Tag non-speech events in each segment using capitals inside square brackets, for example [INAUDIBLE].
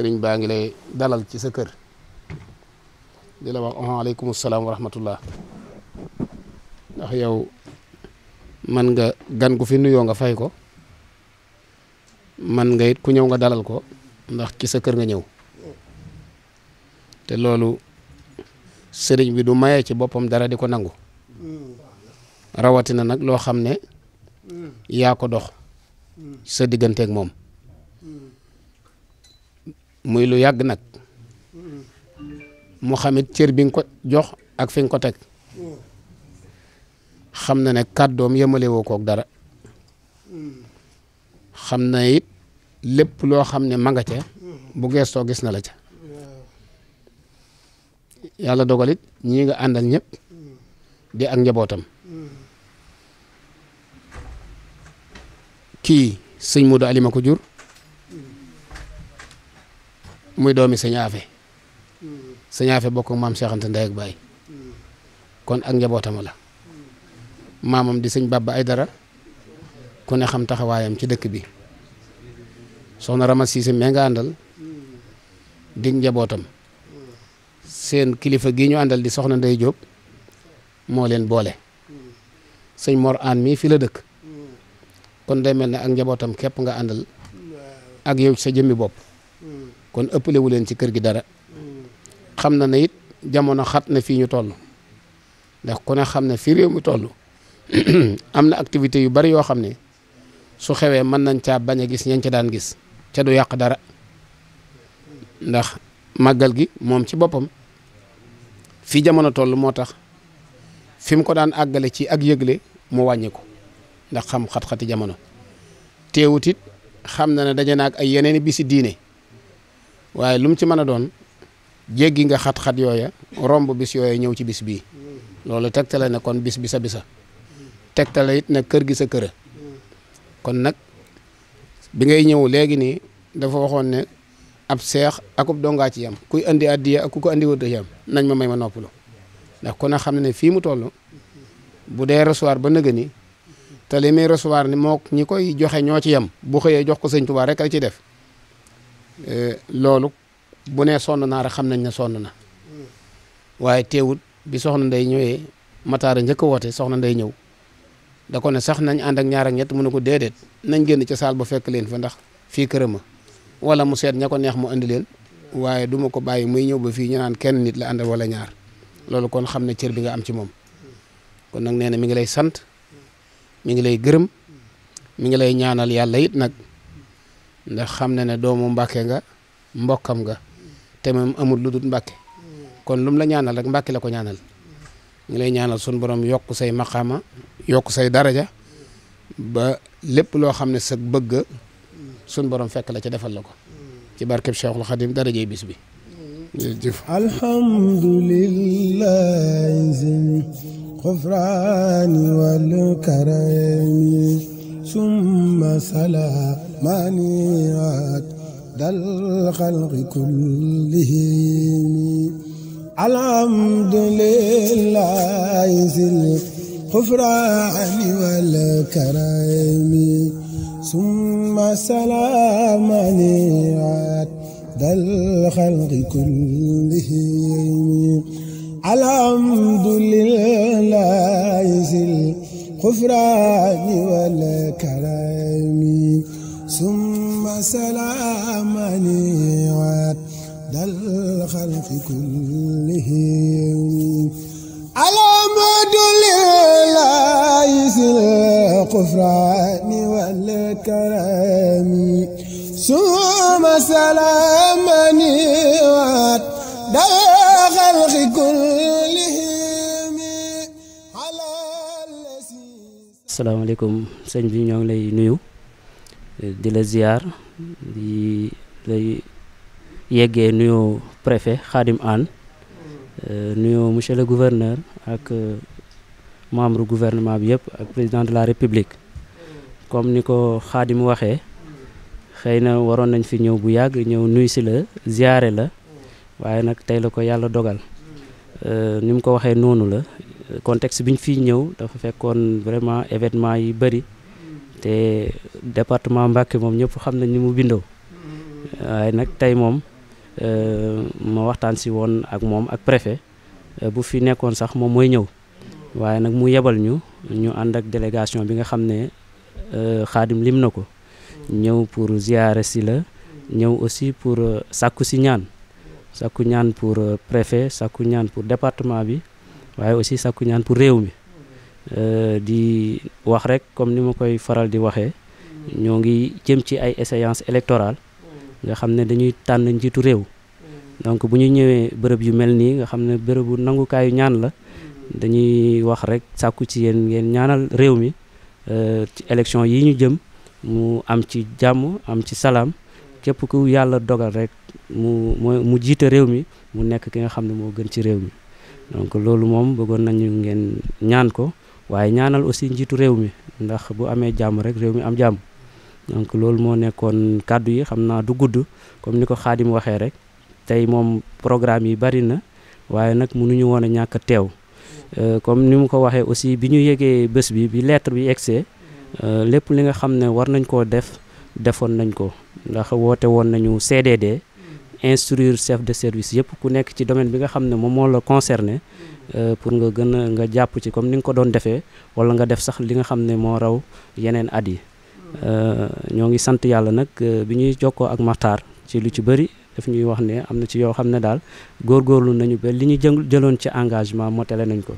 sëriñ baa ngi lay dalal ci sa kër di la wax waaleykum salaam wa rahmatullah ndax yow man nga gan gu fi nuyoo nga fay ko man nga yit ku ñëw nga dalal ko ndax ci sa kër nga ñëw te loolu sëriñ bi du maye ci boppam dara di ko nangu rawatina nag loo xam ne mm. yaa ko dox mm. sa digganteeg moom muy lu yàgg nag mu xamit cër bi nga ko jox ak fi nga ko teg xam na ne kàddoom yemale kook dara xam na it lépp loo xam ne ma nga ca bu geestoo gis na la ca yàlla dogal it ñii nga àndal ñëpp di ak njabootam kii sëñ Modou Alima ko jur muy doomi sëñ Afe mm. sëñ Afe bokk maam Cheikh Anta Ndeye ak mm. kon ak njabootam la mm. maamam di sëñ ay dara ku ne xam taxawaayam ci dëkk bi soxna Rama Cissé mee nga àndal njabootam seen kilifa gi ñu àndal di soxna Ndeye Diop moo leen boole sëñ Mor Aan mii fi la dëkk kon day mel ne ak njabootam képp nga àndal ak yow sa jëmmi bopp kon ëppale wu leen ci kër gi dara xam na ne it jamono xat na fii ñu toll ndax ku ne xam ne fii réew mi toll [CLEARS THROAT] am na activité yu bari yoo xam ne su xewee mën nañ caa bañ a gis ñañ ca daan gis ca du yàq dara ndax màggal gi moom ci boppam fii jamono toll moo tax fi mu ko daan àggale ci ak yëgle mu wàññi ndax xam xat-xati jamono teewut it xam na ne daje naag ay yeneen i bisi diine. waaye lu mu ci mën a doon jéggi nga xat-xat yooya romb bis yooya ñëw ci bis bii loolu tegtale ne kon bis bi sa bisa tegtale it nag kër gi sa këra kon nag bi ngay ñëw léegi nii dafa waxoon ne ab seex akub dongaa ci yam kuy indi addiya ak ku ko andi wut yam nañ ma may ma noppalu ndax ku ne xam ne fii mu toll bu dee recevoir ba nëga ni te li muy recevoir ni moo ñi koy joxe ñoo ci yam bu xëyee jox ko sëñ Tuubaa rek la ci def Eh, loolu bu nee sonn naa rek xam nañ na sonn na waaye teewut bi soxna nday ñëwee mataara njëkk woote soxna nday ñëw da ko ne sax nañ ànd ñaar ak ñett mu ne ko déedéet nañ génn ca saal ba fekk leen fa ndax fii kërama wala mu seet ña ko neex mu andi leen waaye duma ko bàyyi muy ñëw ba fii ñu naan kenn nit la àndal wala ñaar loolu kon xam ne cër bi nga am ci moom kon nag nee na mi ngi lay sant mi ngi lay gërëm mu ngi lay ñaanal yàlla it nag ndax xam na ne doomu mbàkke nga mbokkam nga te moom amul lu dul mbàkke kon lu la ñaanal rek mbàkke la ko ñaanal ngi lay ñaanal sun borom yokk say maqaama yokk say daraja ba lépp loo xam ne sa bëgg sun borom fekk la ci defal la ko ci barkeb Cheikhul Khadim darajey bis bi jërëjëf alhamdulillahi zim xufraani wal karami ثم سلاماني عاد ذا الخلق كلهم الحمد لله ذي الغفران والكرم ثم سلاماني عاد ذا الخلق كلهم الحمد لله ذي الغفران والكرم ثم سلامني عاد الخلق كلهم الحمد لله ذي الغفران والكرم ثم سلامني عاد الخلق كلهم asalaamaaleykum sëñ bi ñoo ngi lay nuyu di la ziar di lay yeggee nuyoo préfet Khadim Anne euh, nuyoo monsieur le gouverneur ak euh, membre gouvernement bi yëpp ak président de la république comme ni ko Khadim waxee xëy na waroon nañ fi ñëw bu yàgg ñëw nuyu si la ziare la waaye nag tey la ko yàlla dogal euh, ni mu ko waxee noonu la contexte bi ñu fiy ñëw dafa fekkoon vraiment événement yi bëri te département Mbacké moom ñëpp xam nañ ni mu bindoo waaye nag tey moom euh, ma waxtaan si woon ak moom ak préfet euh, bu fi nekkoon sax moom mooy ñëw waaye nag mu yebal ñu ñu ànd ak délégation bi nga xam ne xaadim euh, lim na ko ñëw pour ziyaare si la ñëw aussi pour sàkku si ñaan sàkku ñaan pour préfet sàkku ñaan pour département bi waaye aussi sàkku ñaan pour réew mi euh, di wax rek comme ni ma koy faral di waxee ñoo ngi jëm ci ay échéances électorales nga xam ne dañuy tànn njiitu réew donc bu ñu ñëwee bërëb yu mel nii nga xam ne bërëbu nangukaayu ñaan la dañuy wax rek sàkku ci yéen ngeen ñaanal réew mi euh, ci élection yi ñu jëm mu am ci jàmm am ci salaam képp ku yàlla dogal rek mu mu jiita réew mi mu nekk ki nga xam ne moo gën ci réew mi donc loolu moom bëggoon nañu ngeen ñaan ko waaye ñaanal aussi njiitu réew mi ndax bu amee jàmm rek réew mi am jàmm donc loolu moo nekkoon kàddu yi xam naa du gudd comme ni ko xaadim waxee rek tey moom programme yi bari na waaye nag munuñu woon a ñàkk teew euh, comme ni mu ko waxee aussi bi ñu yegee bés bi bi lettre bi egsee euh, lépp li nga xam ne war nañ koo def defoon nañ ko ndax woote woon nañu CDD instruire chef de service yëpp ku nekk ci domaine bi nga xam ne moom moo la concerné euh, pour nga gën a nga jàpp ci comme ni nga ko doon defee wala nga def sax li nga xam ne moo raw yeneen at yi euh, ñoo ngi sant yàlla nag euh, bi ñuy jokkoo ak Makhtar ci lu ci bëri daf ñuy wax ne am na ci yoo xam ne daal góor góorlu nañu ba li ñu jëloon ci engagement motale nañ ko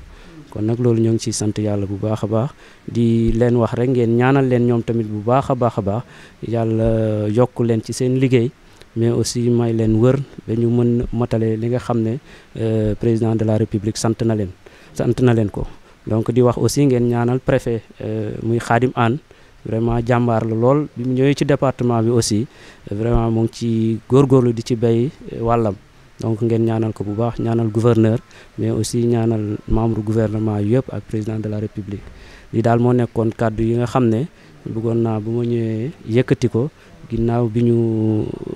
kon nag loolu ñoo ngi ciy sant yàlla bu baax a baax di leen wax rek ngeen ñaanal leen ñoom tamit bu baax a baax a baax yàlla yokk leen ci seen liggéey mais aussi may leen wër ba ñu mën matale li nga xam ne euh, président de la république sant na leen sant na leen ko donc di wax aussi ngeen ñaanal préfet euh, muy Khadim Anne vraiment jàmbaar la lool bi mu ñëwee ci département bi aussi vraiment mu ngi ci góorgóorlu di ci bay euh, wàllam donc ngeen ñaanal ko bu baax ñaanal gouverneur mais aussi ñaanal membre gouvernement yëpp ak président de la république li daal moo nekkoon kàddu yi nga xam ne bëggoon naa bu ma ñëwee yëkkati ko ginnaaw bi ñu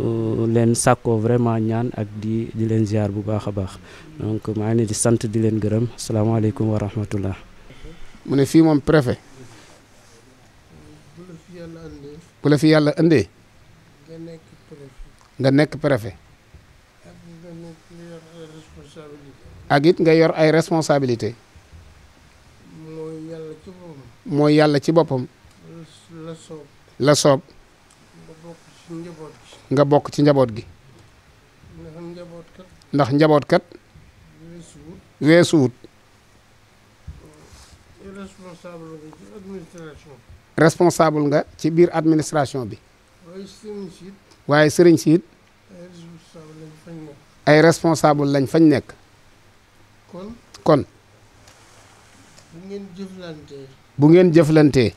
euh, leen sàkkoo vraiment ñaan ak di di leen ziar bu baax a baax donc maa di sant di leen gërëm salaamaaleykum wa rahmatullah mu ne fii moom préfet bu la fi yàlla indee nga nekk préfet ak nga yor ay responsabilité moo yàlla ci boppam la soob ci nga bokk ci njaboot gi. ndax njaboot kat. ndax njaboot kat. nga ci biir administration bi. waaye sëriñ siit. ay responsable lañ fañ nekk. kon bu ngeen jëflantee. bu ngeen jëflantee.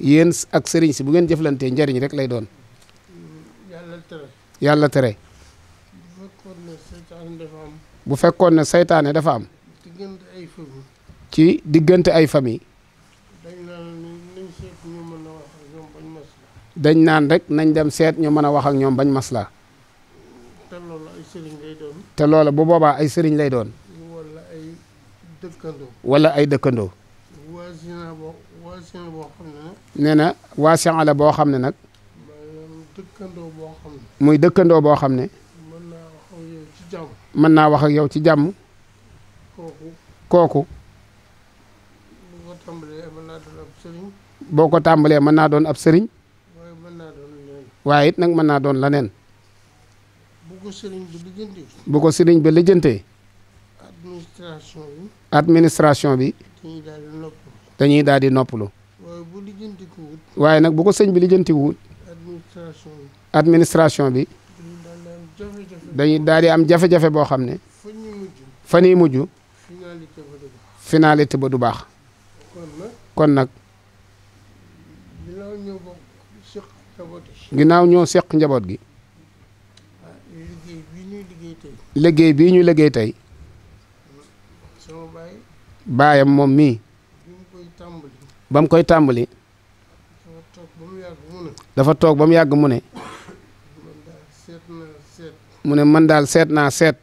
yéen ak sëriñ si bu ngeen jëflantee njariñ rek lay doon. yàlla tere. yàlla tere. bu fekkoon ne seytaane dafa am. ci diggante ay famille. dañ naan rek nañ dem seet ñu mën a wax ak ñoom bañ maslaa. te loolu ay sëriñ lay doon. te loolu bu boobaa ay sëriñ lay doon. wala ay dëkkandoo. nee na waasiyan boo xam ne nag. muy dëkkandoo boo xam ne. mën naa wax ak yow ci jàmm. kooku. boo ko tàmbalee mën naa doon ab sëriñ. waaye it nag mën naa doon leneen. bu ko sëriñ bi lijjantee. bu bi lijjantee. administration bi. dañuy daal di noppalu. waaye nag bu ko sëñ bi lijjantiwut. administration bi. dañuy daal di am jafe-jafe boo xam ne. fan yi mujj. finalité ba du baax. kon nag. ginnaaw ñoo seq njaboot gi. Ah, liggéey bii ñu liggéey tey. baayam moom mii. ba mu koy tàmbali dafa toog ba mu yàgg mu ne mu ne man daal seet naa seet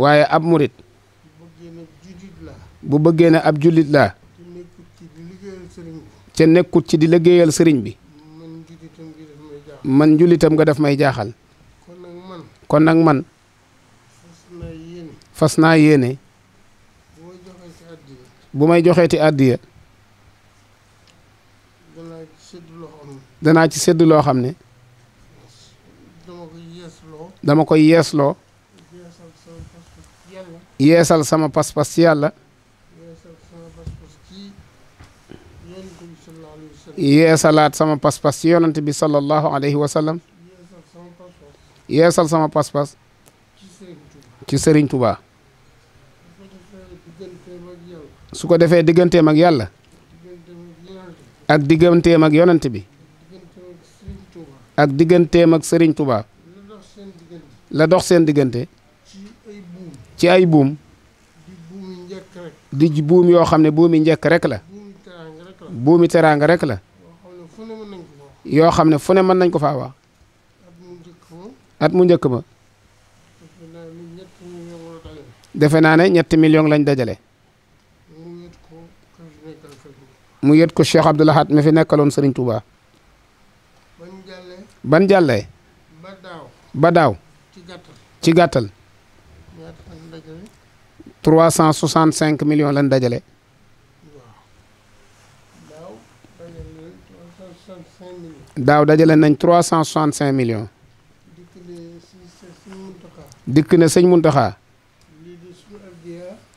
waaye ab murit bu bëggee ne ab jullit laa ca nekkut ci di liggéeyal sëriñ bi man njullitam nga def may jaaxal kon nag man fas naa yéene bu may joxee joxeeti àddiya danaa ci sédd loo xam ne dama koy yeesloo yeesal sama pas-pas ci yàlla yeesalaat sama pas-pas ci yonent bi sallallahu alayhi wa sallam yeesal sama pas-pas ci Serigne tubaa su ko defee digganteem ak yàlla ak digganteem ak yonent bi ak digganteem ak Serigne Touba la dox seen diggante ci ay buum di buum yoo xam ne buumi njëkk rek la buumi teraanga rek la yoo xam ne fu ne mën nañ ko faa wax at mu njëkk ma defe naa ne ñetti million lañ dajale. mu yët ko Cheikh Abdoul Ahad mi fi nekkaloon Serigne Touba. ban jàllee. ba daaw ci gàttal ci trois cent soixante cinq million lañ dajale. daaw dajale nañ trois cent soixante cinq million dikk ne sëñ Muntaxa.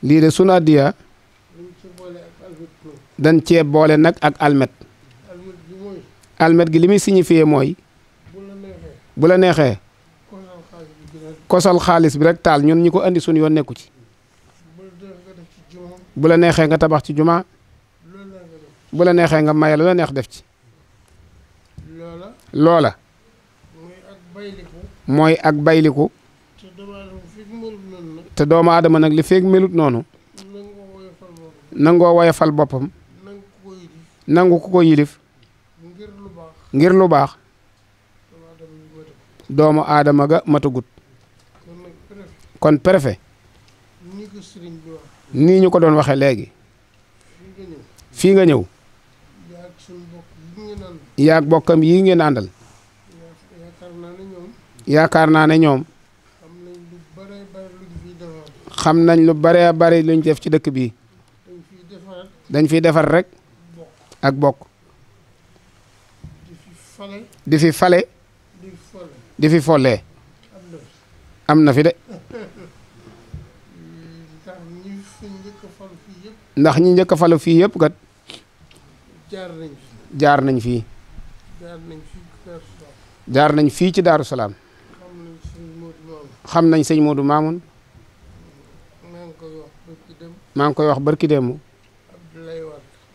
lii de sunu addiya dañ cee boole nag ak almet almet gi li muy signifié mooy bu la neexee kosol xaalis bi rek taal ñun ñi ko indi suñu yoon nekku ci bu la neexee nga tabax ci juma bu la neexee nga maye la la neex def ci loola mooy ak bayliku te doomu aadama nag li feeg melut noonu nangoo woyofal boppam nangu ku ko yilif ngir lu baax doomu aadama ga matagut kon préfet nii ñu ko doon waxee léegi fii nga ñëw yaag bokkam yii ngeen àndal yaakaar naa ne ñoom xam nañ lu bare bari luñ def ci dëkk bi dañ fi defar rek ak bokk di fi fale di fi folle am na fi de ndax ñi njëkk falo fii yëpp kat jaar nañ fii jaar nañ fii ci Daaru xam nañ señ Modou Mamoun maa ngi koy wax barki démb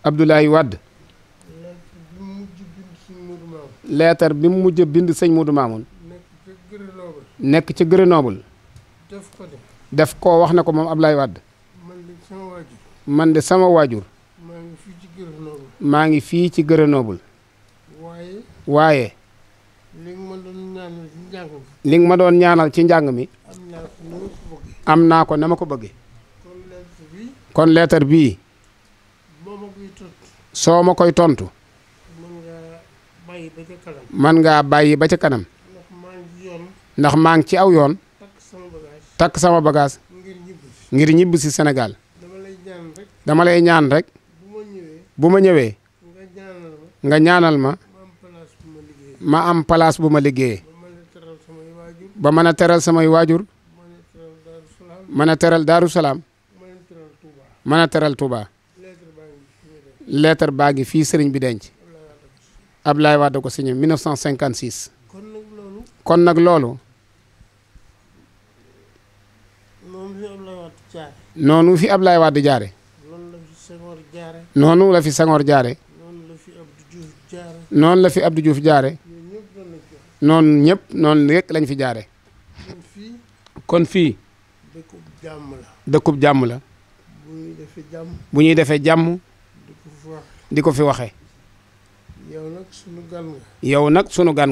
Abdoulaye Wade leetar bi mu mujj bind sëñ Modou Mamoun nekk ci Grenoble def ko wax na ko moom Abdoulaye Wade man de sama waajur maa ngi fii ci Grenoble waaye li nga ma doon ñaanal ci njàng mi am naa ko ne ma ko bëggee kon leetar bii soo ma koy tontu man ngaa bàyyi ba ca kanam ndax maa ngi ci aw yoon takk sama bagaas ngir ñibb si Sénégal dama lay ñaan rek bu ma ñëwee nga ñaanal ma ma am place bu ma liggéeyee ba mën a teral samay waajur mën a teral Daaru mën a teral Touba lettre baa ngi fii sëriñ bi denc ab laay Wade ko signé 1956 kon nag loolu noonu fi Ablaye Wade jaare noonu la fi Senghor jaare noonu la fi Abdou Diouf jaare noonu ñëpp noonu rek lañ fi jaare kon fii dëkkub dëkkub jàmm la bu ñuy defee jàmm. di ko fi wax di waxee. yow nag sunu gan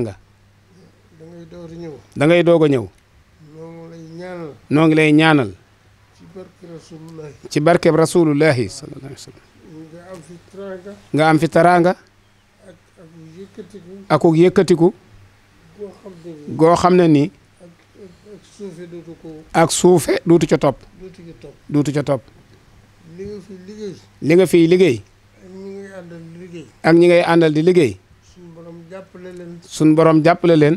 nga. yow nag doog a ñëw. noo ngi lay ñaanal. noo ci barke rasulullahi. ci barke nga am fi taraanga. nga ak ak yëkkatiku. goo xam ne nii. ak suufe dootu ko. ak suufe ca topp. ca topp li nga fi liggéey. ak ñi ngay àndal di liggéey. suñ borom jàppale leen. suñ borom jàppale leen.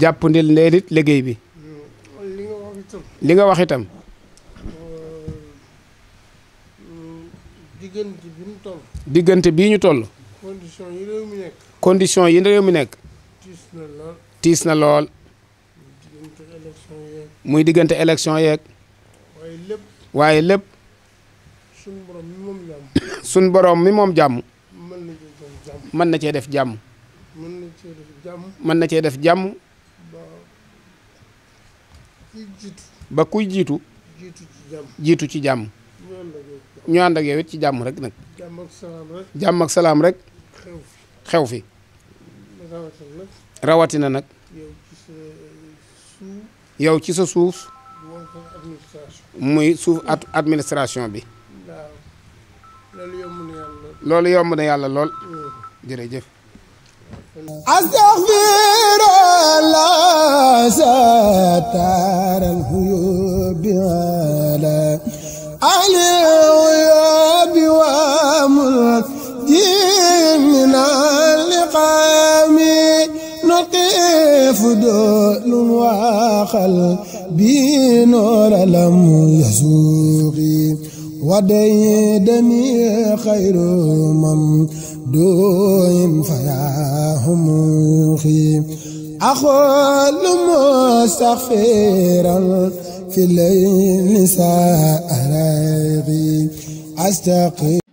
jàppandil liggéey bi. it liggéey bi. Mm, li nga wax itam. li mm, mm, diggante bii ñu toll. condition yi réew mi nekk. tiis na lool. muy diggante élection yeeg. waaye lépp sun borom mi moom jàmm sun na cee def jàmm mën na cee def jàmm mën na cee def jàmm ba kuy jiitu jiitu ci jàmm ñu ànd ak ci jàmm rek nag jàmm ak salaam rek xew fi rawatina nag yow ci sa suuf muy suuf administration bi. loolu yomb na yàlla lool. loolu yomb na yàlla lool. Hmm. jërëjëf. astaghfirullah sataral huyubi wala ahli huyubi wa mulki min alqami naqif dulun wa xal بي نور لم يسوقي ودي دمي خير من دوم فيا همخي أخل مستغفرا في الليل سأرغي أستقي